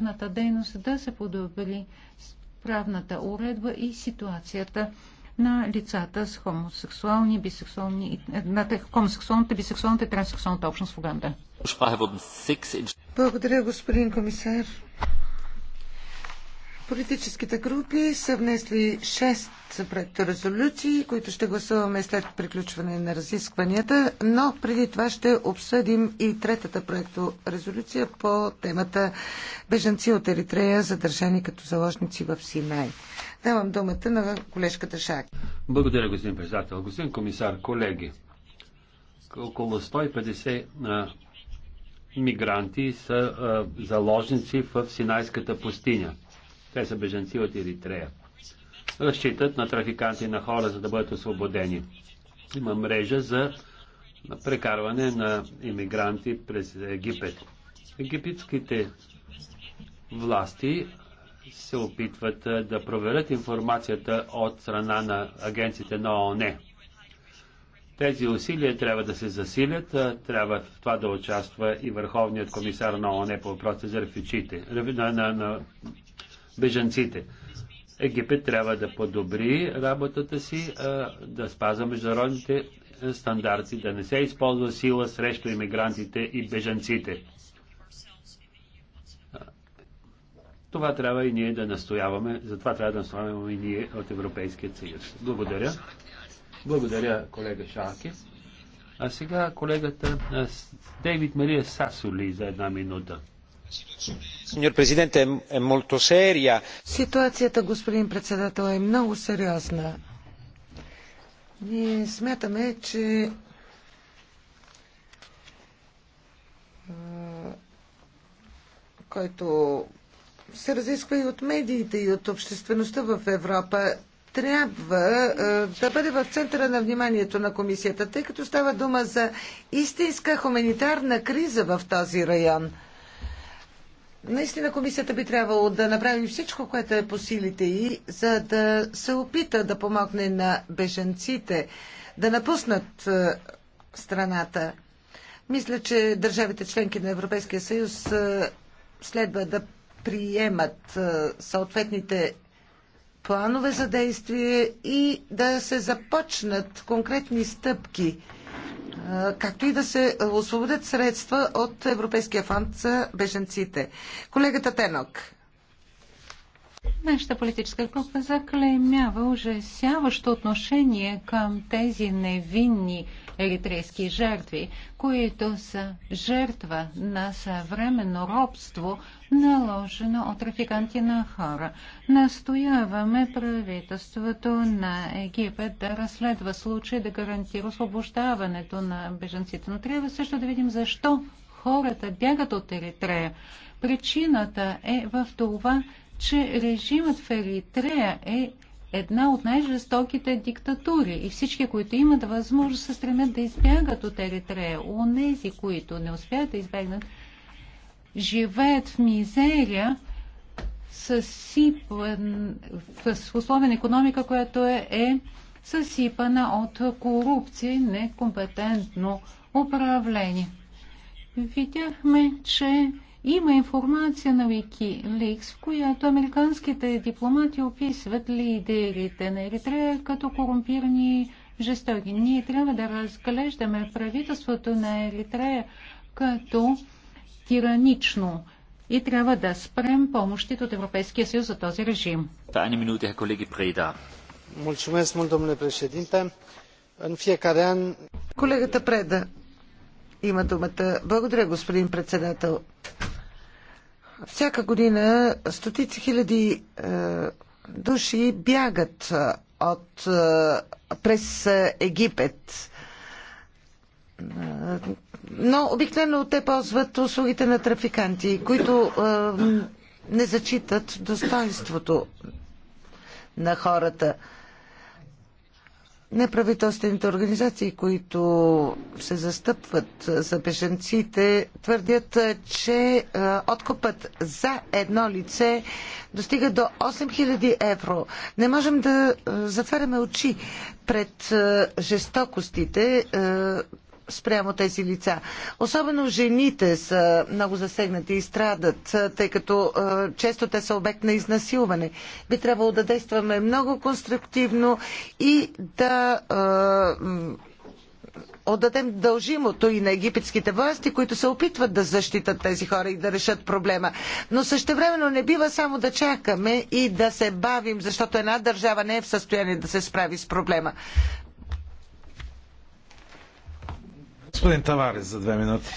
тяхната дейност да се подобри правната уредба и ситуацията на лицата с хомосексуални, бисексуални, на хомосексуалната, бисексуалната и транссексуалната общност в Уганда. Благодаря, господин комисар. Политическите групи са внесли 6 проекторезолюции, които ще гласуваме след приключване на разискванията, но преди това ще обсъдим и третата проекторезолюция по темата Бежанци от Еритрея, задържани като заложници в Синай. Давам думата на колежката Шак. Благодаря, господин председател. Господин комисар, колеги, около 150 а, мигранти са а, заложници в Синайската пустиня. Те са беженци от Еритрея. Разчитат на трафиканти на хора, за да бъдат освободени. Има мрежа за прекарване на иммигранти през Египет. Египетските власти се опитват да проверят информацията от страна на агенците на ООН. Тези усилия трябва да се засилят, трябва в това да участва и Върховният комисар на ООН по въпроса за рефичите, на, на, на бежанците. Египет трябва да подобри работата си, да спазва международните стандарти, да не се използва сила срещу иммигрантите и бежанците. Това трябва и ние да настояваме, затова трябва да настояваме и ние от Европейския съюз. Благодаря. Благодаря, колега Шаки. А сега колегата Дейвид Мария Сасули за една минута. Ситуацията, господин председател, е много сериозна. Ние смятаме, че който се разисква и от медиите, и от обществеността в Европа, трябва да бъде в центъра на вниманието на комисията, тъй като става дума за истинска хуманитарна криза в този район – Наистина комисията би трябвало да направи всичко, което е по силите и за да се опита да помогне на беженците да напуснат е, страната. Мисля, че държавите членки на Европейския съюз е, следва да приемат е, съответните планове за действие и да се започнат конкретни стъпки – както и да се освободят средства от Европейския фонд за беженците. Колегата Тенок. Нашата политическа група заклеймява ужасяващо отношение към тези невинни еритрейски жертви, които са жертва на съвременно робство, наложено от трафиканти на хора. Настояваме правителството на Египет да разследва случай, да гарантира освобождаването на беженците. Но трябва също да видим защо хората бягат от Еритрея. Причината е в това, че режимът в Еритрея е една от най-жестоките диктатури и всички, които имат възможност, се стремят да избягат от Еритрея. Онези, които не успяват да избегнат, живеят в мизерия, съсипан, в условен економика, която е, е съсипана от корупция и некомпетентно управление. Видяхме, че има информация на Wikileaks, в която американските дипломати описват лидерите на Еритрея като корумпирани жестоки. Ние трябва да разглеждаме правителството на Еритрея като тиранично и трябва да спрем помощите от Европейския съюз за този режим. Е, Колегата Преда има думата. Благодаря, господин председател. Всяка година стотици хиляди е, души бягат е, от, е, през е, Египет. Е, но обикновено те ползват услугите на трафиканти, които е, не зачитат достоинството на хората. Неправителствените организации, които се застъпват за бежанците, твърдят, че откупът за едно лице достига до 8000 евро. Не можем да затваряме очи пред жестокостите, спрямо тези лица. Особено жените са много засегнати и страдат, тъй като често те са обект на изнасилване. Би трябвало да действаме много конструктивно и да отдадем дължимото и на египетските власти, които се опитват да защитат тези хора и да решат проблема. Но същевременно не бива само да чакаме и да се бавим, защото една държава не е в състояние да се справи с проблема. Господин Таварес за две минути.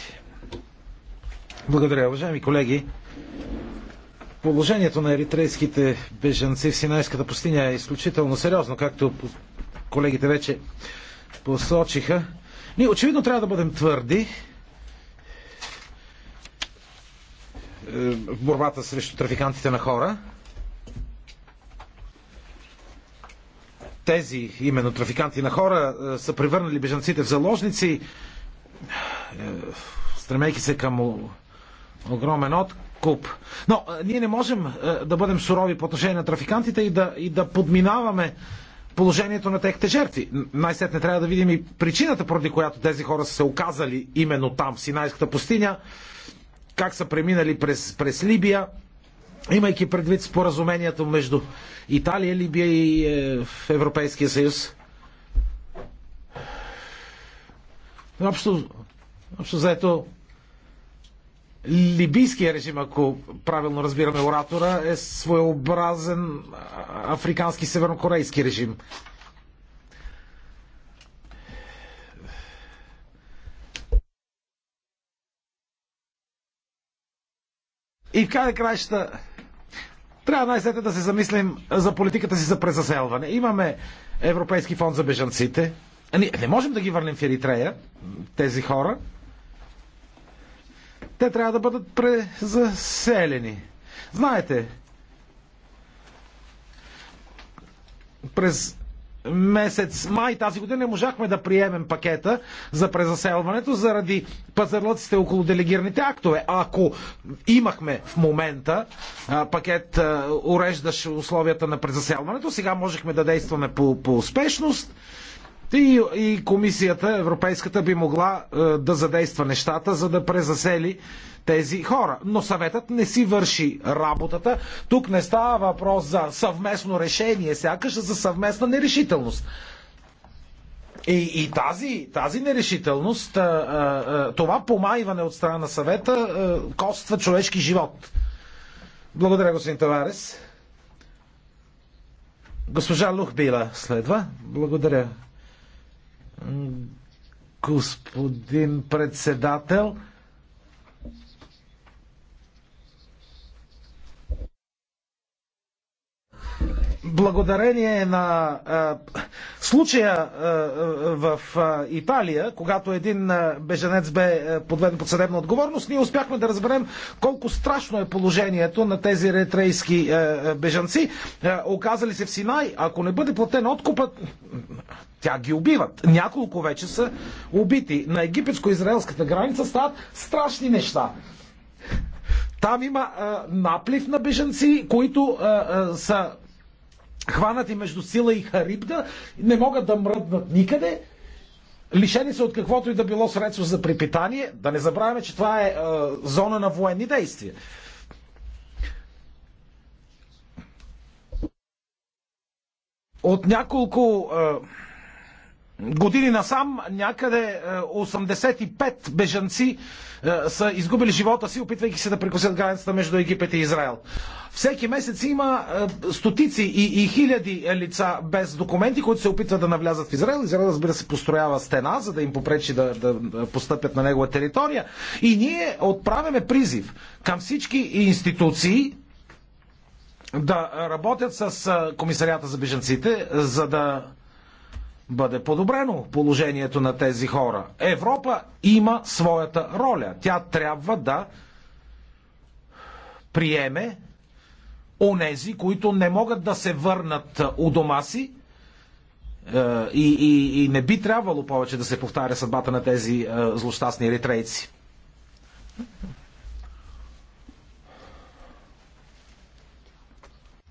Благодаря, уважаеми колеги. Положението на еритрейските бежанци в Синайската пустиня е изключително сериозно, както колегите вече посочиха. Ние очевидно трябва да бъдем твърди е, в борбата срещу трафикантите на хора. Тези, именно трафиканти на хора, е, са превърнали бежанците в заложници, е, стремейки се към огромен откуп. Но е, ние не можем е, да бъдем сурови по отношение на трафикантите и да, и да подминаваме положението на техните жертви. Най-сетне трябва да видим и причината, поради която тези хора са се оказали именно там, в Синайската пустиня, как са преминали през, през Либия, имайки предвид споразумението между Италия, Либия и Европейския съюз. Общо Общо заето, либийския режим, ако правилно разбираме оратора, е своеобразен африкански севернокорейски режим. И в край краища трябва най-сетне да се замислим за политиката си за презаселване. Имаме Европейски фонд за бежанците. Не, не можем да ги върнем в Еритрея, тези хора. Те трябва да бъдат презаселени. Знаете, през месец май тази година не можахме да приемем пакета за презаселването заради пазарлъците около делегираните актове. А ако имахме в момента пакет, уреждащ условията на презаселването, сега можехме да действаме по, по успешност и, и комисията, европейската, би могла е, да задейства нещата, за да презасели тези хора. Но съветът не си върши работата. Тук не става въпрос за съвместно решение, сякаш за съвместна нерешителност. И, и тази, тази нерешителност, е, е, е, това помайване от страна на съвета коства човешки живот. Благодаря, господин Таварес. Госпожа Лухбила следва. Благодаря, господин председател. благодарение на а, случая а, в а, Италия, когато един а, беженец бе подведен под съдебна отговорност, ние успяхме да разберем колко страшно е положението на тези ретрейски а, беженци. А, оказали се в Синай, ако не бъде платен откупът, тя ги убиват. Няколко вече са убити. На египетско-израелската граница стават страшни неща. Там има а, наплив на бежанци, които а, а, са хванати между сила и харибда, не могат да мръднат никъде, лишени са от каквото и да било средство за припитание. Да не забравяме, че това е, а, зона на военни действия. От няколко А, години насам някъде 85 е, бежанци е, са изгубили живота си, опитвайки се да прекусят границата между Египет и Израел. Всеки месец има е, стотици и, и хиляди лица без документи, които се опитват да навлязат в Израел. Израел, разбира се, построява стена, за да им попречи да, да постъпят на негова територия. И ние отправяме призив към всички институции, да работят с комисарията за беженците, за да бъде подобрено положението на тези хора. Европа има своята роля. Тя трябва да приеме онези, които не могат да се върнат у дома си е, и, и, и не би трябвало повече да се повтаря съдбата на тези е, злощастни еритрейци.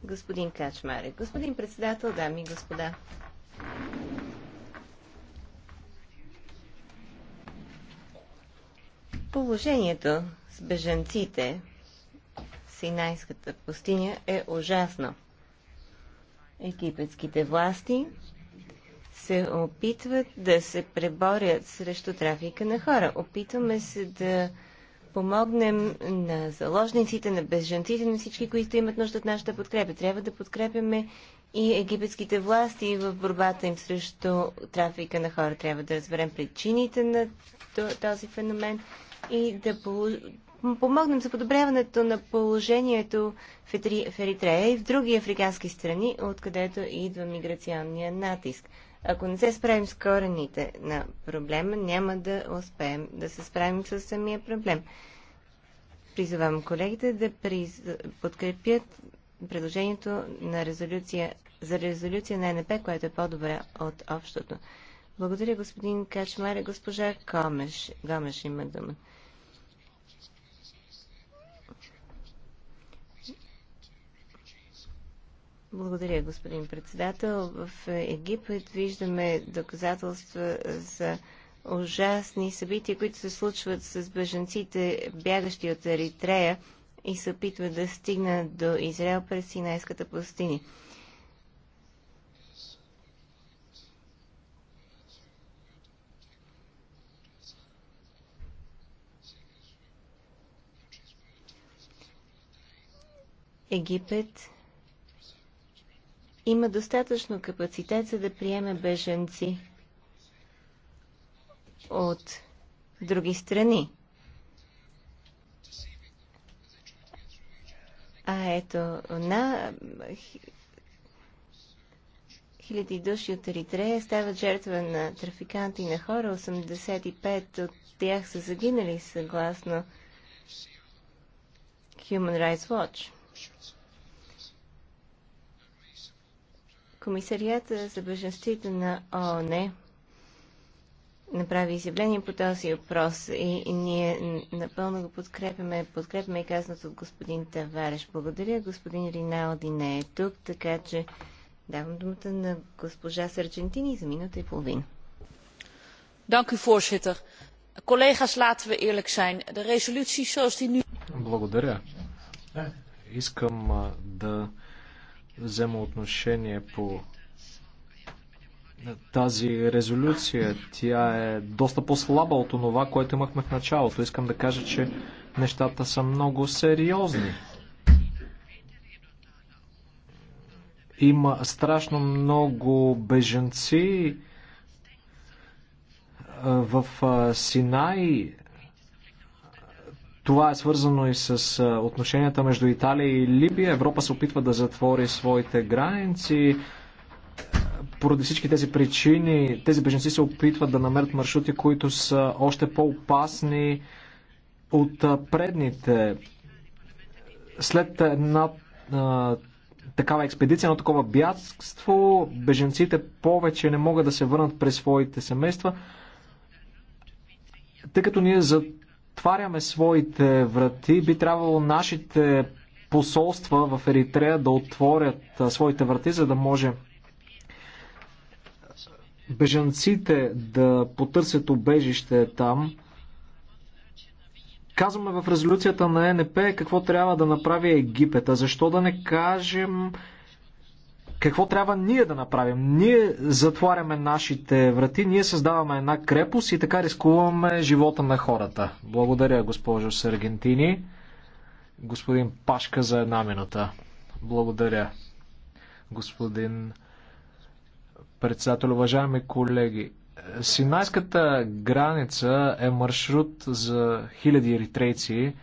Господин Качмаре, господин председател, дами и господа. Положението с бежанците в Синайската пустиня е ужасно. Египетските власти се опитват да се преборят срещу трафика на хора. Опитваме се да помогнем на заложниците, на беженците на всички, които имат нужда от нашата подкрепа. Трябва да подкрепяме и египетските власти в борбата им срещу трафика на хора. Трябва да разберем причините на този феномен и да помогнем за подобряването на положението в Еритрея и в други африкански страни, откъдето идва миграционния натиск. Ако не се справим с корените на проблема, няма да успеем да се справим с самия проблем. Призовавам колегите да приз... подкрепят предложението на резолюция, за резолюция на НП, което е по-добре от общото. Благодаря, господин Качмар. Госпожа Комеш, Гомеш има дума. Благодаря, господин председател. В Египет виждаме доказателства за ужасни събития, които се случват с беженците, бягащи от Еритрея и се опитва да стигне до Израел през Синайската пустиня. Египет има достатъчно капацитет за да приеме беженци от други страни. А ето на хиляди души от Еритрея стават жертва на трафиканти на хора. 85 от тях са загинали, съгласно Human Rights Watch. Комисарията за беженствите на ООН направи изявление по този въпрос и, и ние напълно го подкрепяме. Подкрепяме и казаното от господин Тавареш. Благодаря. Господин Риналди не е тук, така че давам думата на госпожа Сърчентини за минута и половина. Благодаря. Искам да взема отношение по тази резолюция. Тя е доста по-слаба от това, което имахме в началото. Искам да кажа, че нещата са много сериозни. Има страшно много беженци в Синай. Това е свързано и с отношенията между Италия и Либия. Европа се опитва да затвори своите граници. Поради всички тези причини, тези беженци се опитват да намерят маршрути, които са още по-опасни от предните. След една а, такава експедиция, едно такова бягство, беженците повече не могат да се върнат през своите семейства, тъй като ние затваряме своите врати, би трябвало нашите посолства в Еритрея да отворят своите врати, за да може бежанците да потърсят обежище там. Казваме в резолюцията на ЕНП какво трябва да направи Египет. А защо да не кажем какво трябва ние да направим? Ние затваряме нашите врати, ние създаваме една крепост и така рискуваме живота на хората. Благодаря, госпожо Саргентини. Господин Пашка за една минута. Благодаря, господин председател, уважаеми колеги. Синайската граница е маршрут за хиляди еритрейци,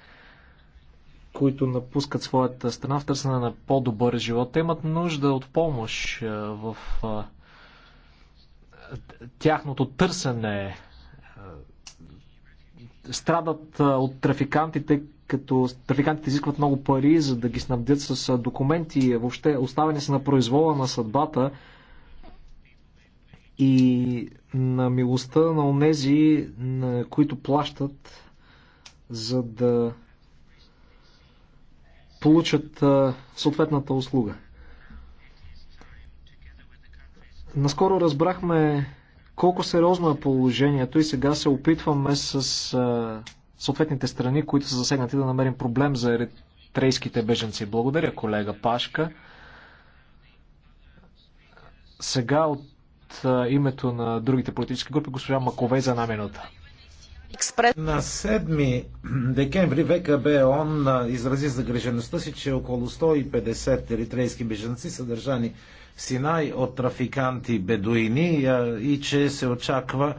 които напускат своята страна в търсене на по-добър живот. Те имат нужда от помощ е, в е, тяхното търсене. Е, страдат от трафикантите, като трафикантите изискват много пари, за да ги снабдят с документи. Въобще оставени са на произвола на съдбата и на милостта на онези, на които плащат, за да получат съответната услуга. Наскоро разбрахме колко сериозно е положението и сега се опитваме с съответните страни, които са засегнати, да намерим проблем за еритрейските беженци. Благодаря, колега Пашка. Сега от от името на другите политически групи, госпожа Макове за една минута. На 7 декември ВКБ ООН изрази загрежеността си, че около 150 еритрейски беженци са държани в Синай от трафиканти бедуини и че се очаква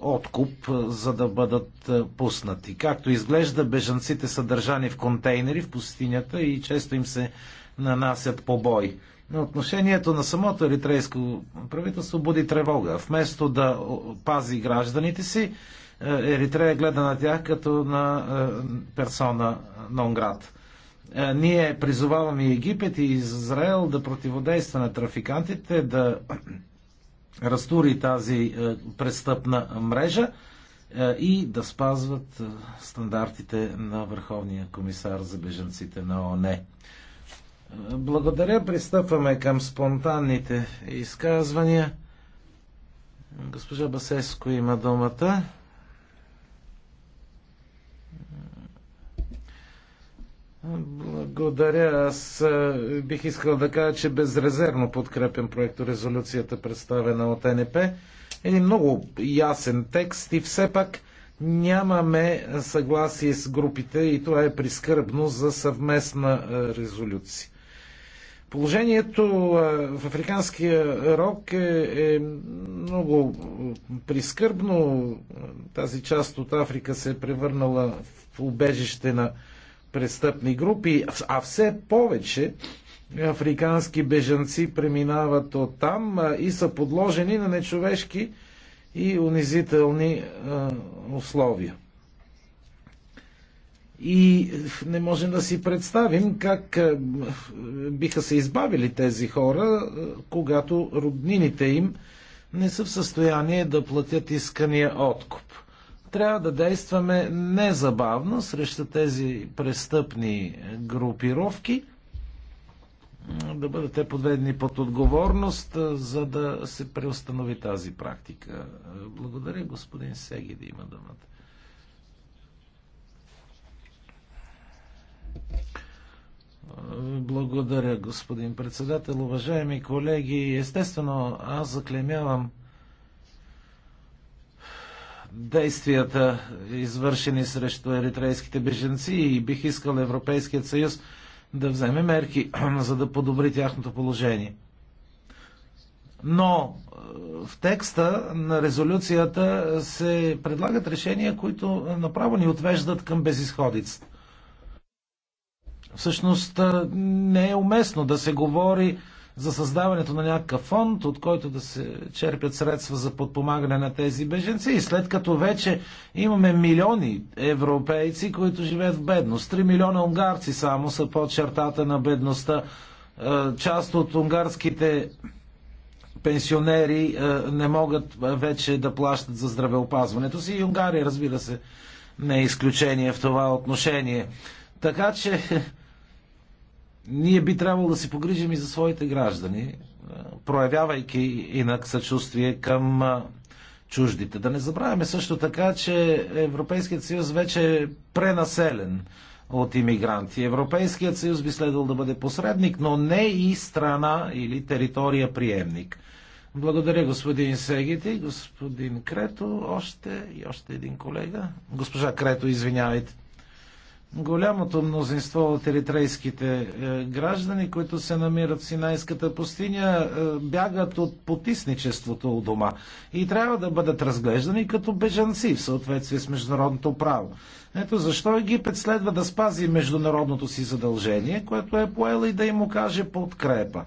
откуп, за да бъдат пуснати. Както изглежда, бежанците са държани в контейнери в пустинята и често им се нанасят побой. Но отношението на самото еритрейско правителство буди тревога. Вместо да пази гражданите си, е, Еритрея гледа на тях като на е, персона Нонград. Е, ние призоваваме Египет и Израел да противодейства на трафикантите, да разтури тази престъпна мрежа и да спазват стандартите на Върховния комисар за беженците на ОНЕ. Благодаря. Пристъпваме към спонтанните изказвания. Госпожа Басеско има думата. Благодаря. Аз бих искал да кажа, че безрезервно подкрепям проекто резолюцията, представена от НП. Един много ясен текст и все пак нямаме съгласие с групите и това е прискърбно за съвместна резолюция. Положението в Африканския рок е, е много прискърбно. Тази част от Африка се е превърнала в убежище на престъпни групи, а все повече африкански бежанци преминават от там и са подложени на нечовешки и унизителни условия. И не можем да си представим как е, биха се избавили тези хора, е, когато роднините им не са в състояние да платят искания откуп. Трябва да действаме незабавно срещу тези престъпни групировки, да бъдат те подведени под отговорност, е, за да се преустанови тази практика. Благодаря, господин Сеги, да има думата. Благодаря, господин председател. Уважаеми колеги, естествено, аз заклемявам действията, извършени срещу еритрейските беженци и бих искал Европейският съюз да вземе мерки, за да подобри тяхното положение. Но е, в текста на резолюцията се предлагат решения, които направо ни отвеждат към безисходицата всъщност не е уместно да се говори за създаването на някакъв фонд, от който да се черпят средства за подпомагане на тези беженци. И след като вече имаме милиони европейци, които живеят в бедност. 3 милиона унгарци само са под чертата на бедността. Част от унгарските пенсионери не могат вече да плащат за здравеопазването си. И Унгария, разбира се, не е изключение в това отношение. Така че ние би трябвало да се погрижим и за своите граждани, е, проявявайки инак съчувствие към е, чуждите. Да не забравяме също така, че Европейският съюз вече е пренаселен от иммигранти. Европейският съюз би следвал да бъде посредник, но не и страна или територия приемник. Благодаря господин Сегити, господин Крето, още и още един колега. Госпожа Крето, извинявайте голямото мнозинство от еритрейските е, граждани, които се намират в Синайската пустиня, е, бягат от потисничеството у дома и трябва да бъдат разглеждани като бежанци в съответствие с международното право. Ето защо Египет следва да спази международното си задължение, което е поела и да им окаже подкрепа.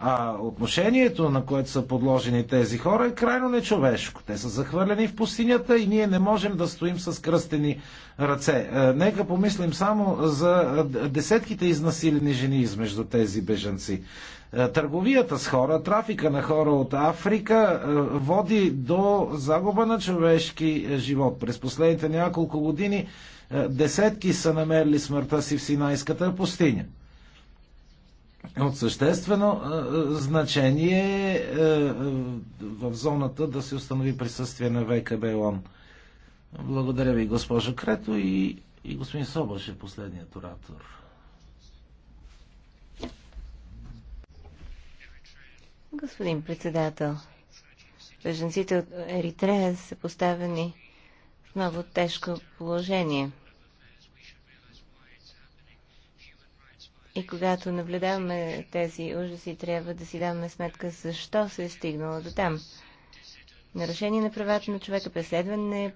А отношението, на което са подложени тези хора, е крайно нечовешко. Те са захвърлени в пустинята и ние не можем да стоим с кръстени ръце. Е, нека помислим само за десетките изнасилени жени измежду тези бежанци. Е, търговията с хора, трафика на хора от Африка е, води до загуба на човешки живот. През последните няколко години десетки са намерили смъртта си в Синайската пустиня от съществено значение е, е, в зоната да се установи присъствие на ВКБ ООН. Благодаря ви, госпожо Крето и, и господин Собър е последният оратор. Господин председател, беженците от Еритрея са поставени в много тежко положение – И когато наблюдаваме тези ужаси, трябва да си даваме сметка защо се е стигнало до там. Нарушение на правата на човека, преследване,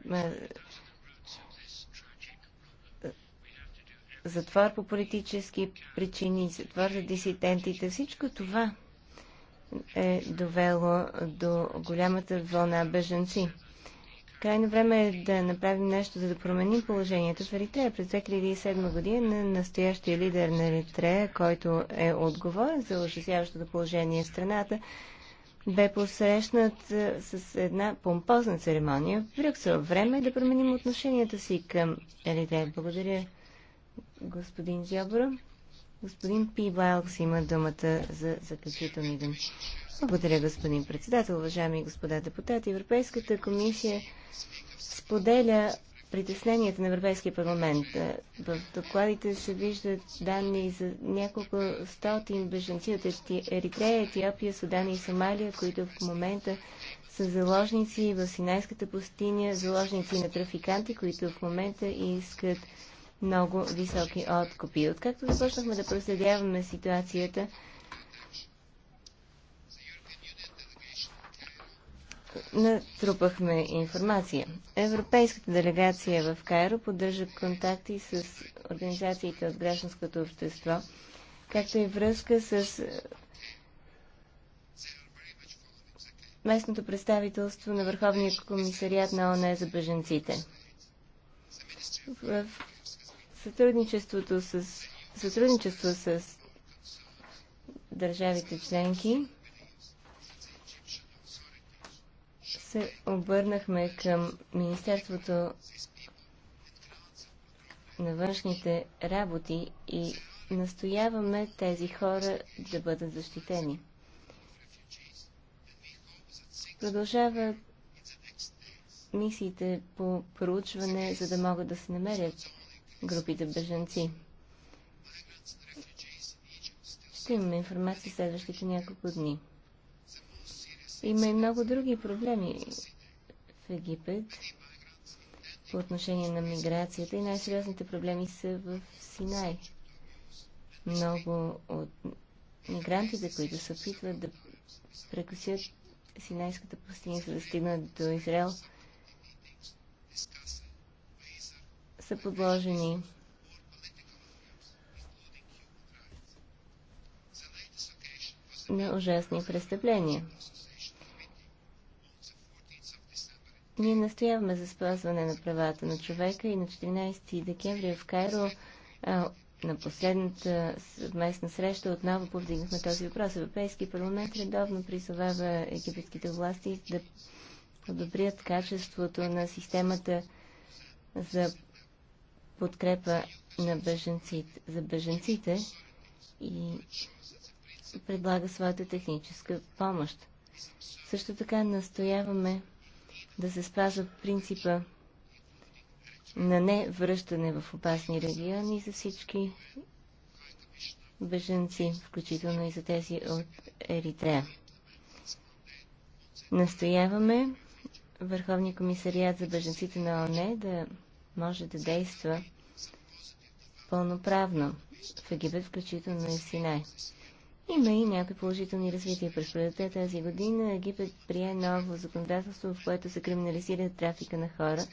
затвор по политически причини, затвор за дисидентите, всичко това е довело до голямата вълна беженци. Крайно време е да направим нещо, за да променим положението в Еритрея. През 2007 година настоящия лидер на Еритрея, който е отговорен за ужасяващото положение в страната, бе посрещнат с една помпозна церемония в Брюксел. Време е да променим отношенията си към Еритрея. Благодаря, господин Зябора. Господин Пи Байлкс има думата за заключителни думи. Благодаря, господин председател, уважаеми и господа депутати. Европейската комисия споделя притесненията на Европейския парламент. В докладите се виждат данни за няколко стотин беженци от Еритрея, Етиопия, Судан и Сомалия, които в момента са заложници в Синайската пустиня, заложници на трафиканти, които в момента искат много високи откупи. Откакто започнахме да проследяваме ситуацията, натрупахме информация. Европейската делегация в Кайро поддържа контакти с организациите от гражданското общество, както и връзка с е, местното представителство на Върховния комисариат на ОНЕ за беженците. В Сътрудничеството с, сътрудничество с държавите членки се обърнахме към Министерството на външните работи и настояваме тези хора да бъдат защитени. Продължават мисиите по проучване, за да могат да се намерят групите бежанци. Ще имаме информация следващите няколко дни. Има и много други проблеми в Египет по отношение на миграцията и най-сериозните проблеми са в Синай. Много от мигрантите, които се опитват да прекусят Синайската пустиня, за да стигнат до Израел, са подложени. на ужасни престъпления. Ние настояваме за спазване на правата на човека и на 14 декември в Кайро а, на последната съвместна среща отново повдигнахме този въпрос. Европейски парламент редовно призовава египетските власти да подобрят качеството на системата за подкрепа на беженците, за беженците и предлага своята техническа помощ. Също така настояваме да се спазва принципа на не връщане в опасни региони за всички беженци, включително и за тези от Еритрея. Настояваме Върховния комисариат за беженците на ОНЕ да може да действа пълноправно в Египет, включително и в Синай. Има и някои положителни развития. През пролетта тази година Египет прие ново законодателство, в което се криминализира трафика на хора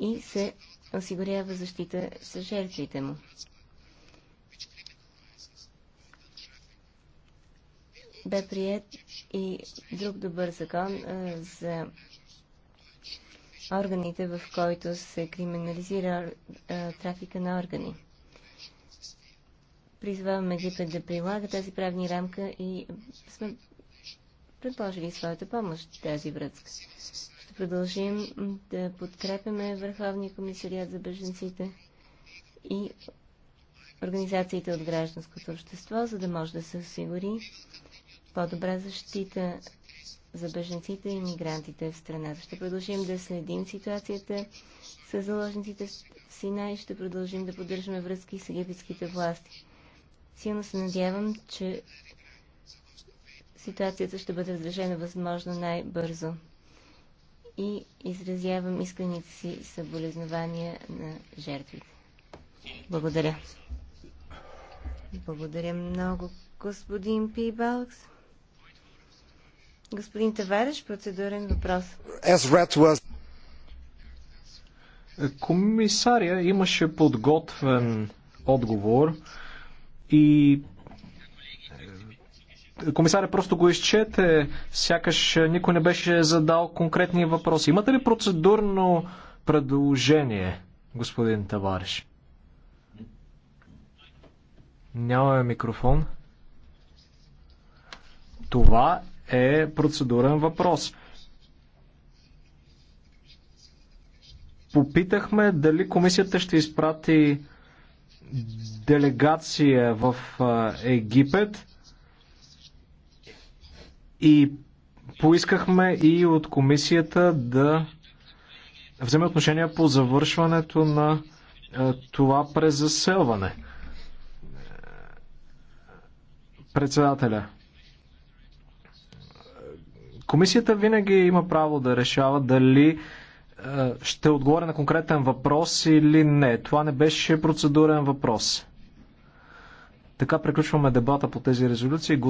и се осигурява защита с жертвите му. Бе прият и друг добър закон а, за органите, в който се криминализира а, трафика на органи. Призваваме Египет да прилага тази правни рамка и сме предложили своята помощ в тази връзка. Ще продължим да подкрепяме Върховния комисариат за беженците и организациите от гражданското общество, за да може да се осигури по-добра защита за беженците и мигрантите в страната. Ще продължим да следим ситуацията с заложниците в Сина и ще продължим да поддържаме връзки с египетските власти. Силно се надявам, че ситуацията ще бъде разрешена възможно най-бързо. И изразявам искрените си съболезнования на жертвите. Благодаря. Благодаря много, господин Пибалкс. Господин Тавареш, процедурен въпрос. Комисария имаше подготвен отговор и е, комисаря просто го изчете, сякаш никой не беше задал конкретни въпроси. Имате ли процедурно предложение, господин Тавареш? Няма микрофон. Това е процедурен въпрос. Попитахме дали комисията ще изпрати делегация в Египет и поискахме и от комисията да вземе отношение по завършването на това през заселване. Председателя. Комисията винаги има право да решава дали е, ще отговоря на конкретен въпрос или не. Това не беше процедурен въпрос. Така приключваме дебата по тези резолюции.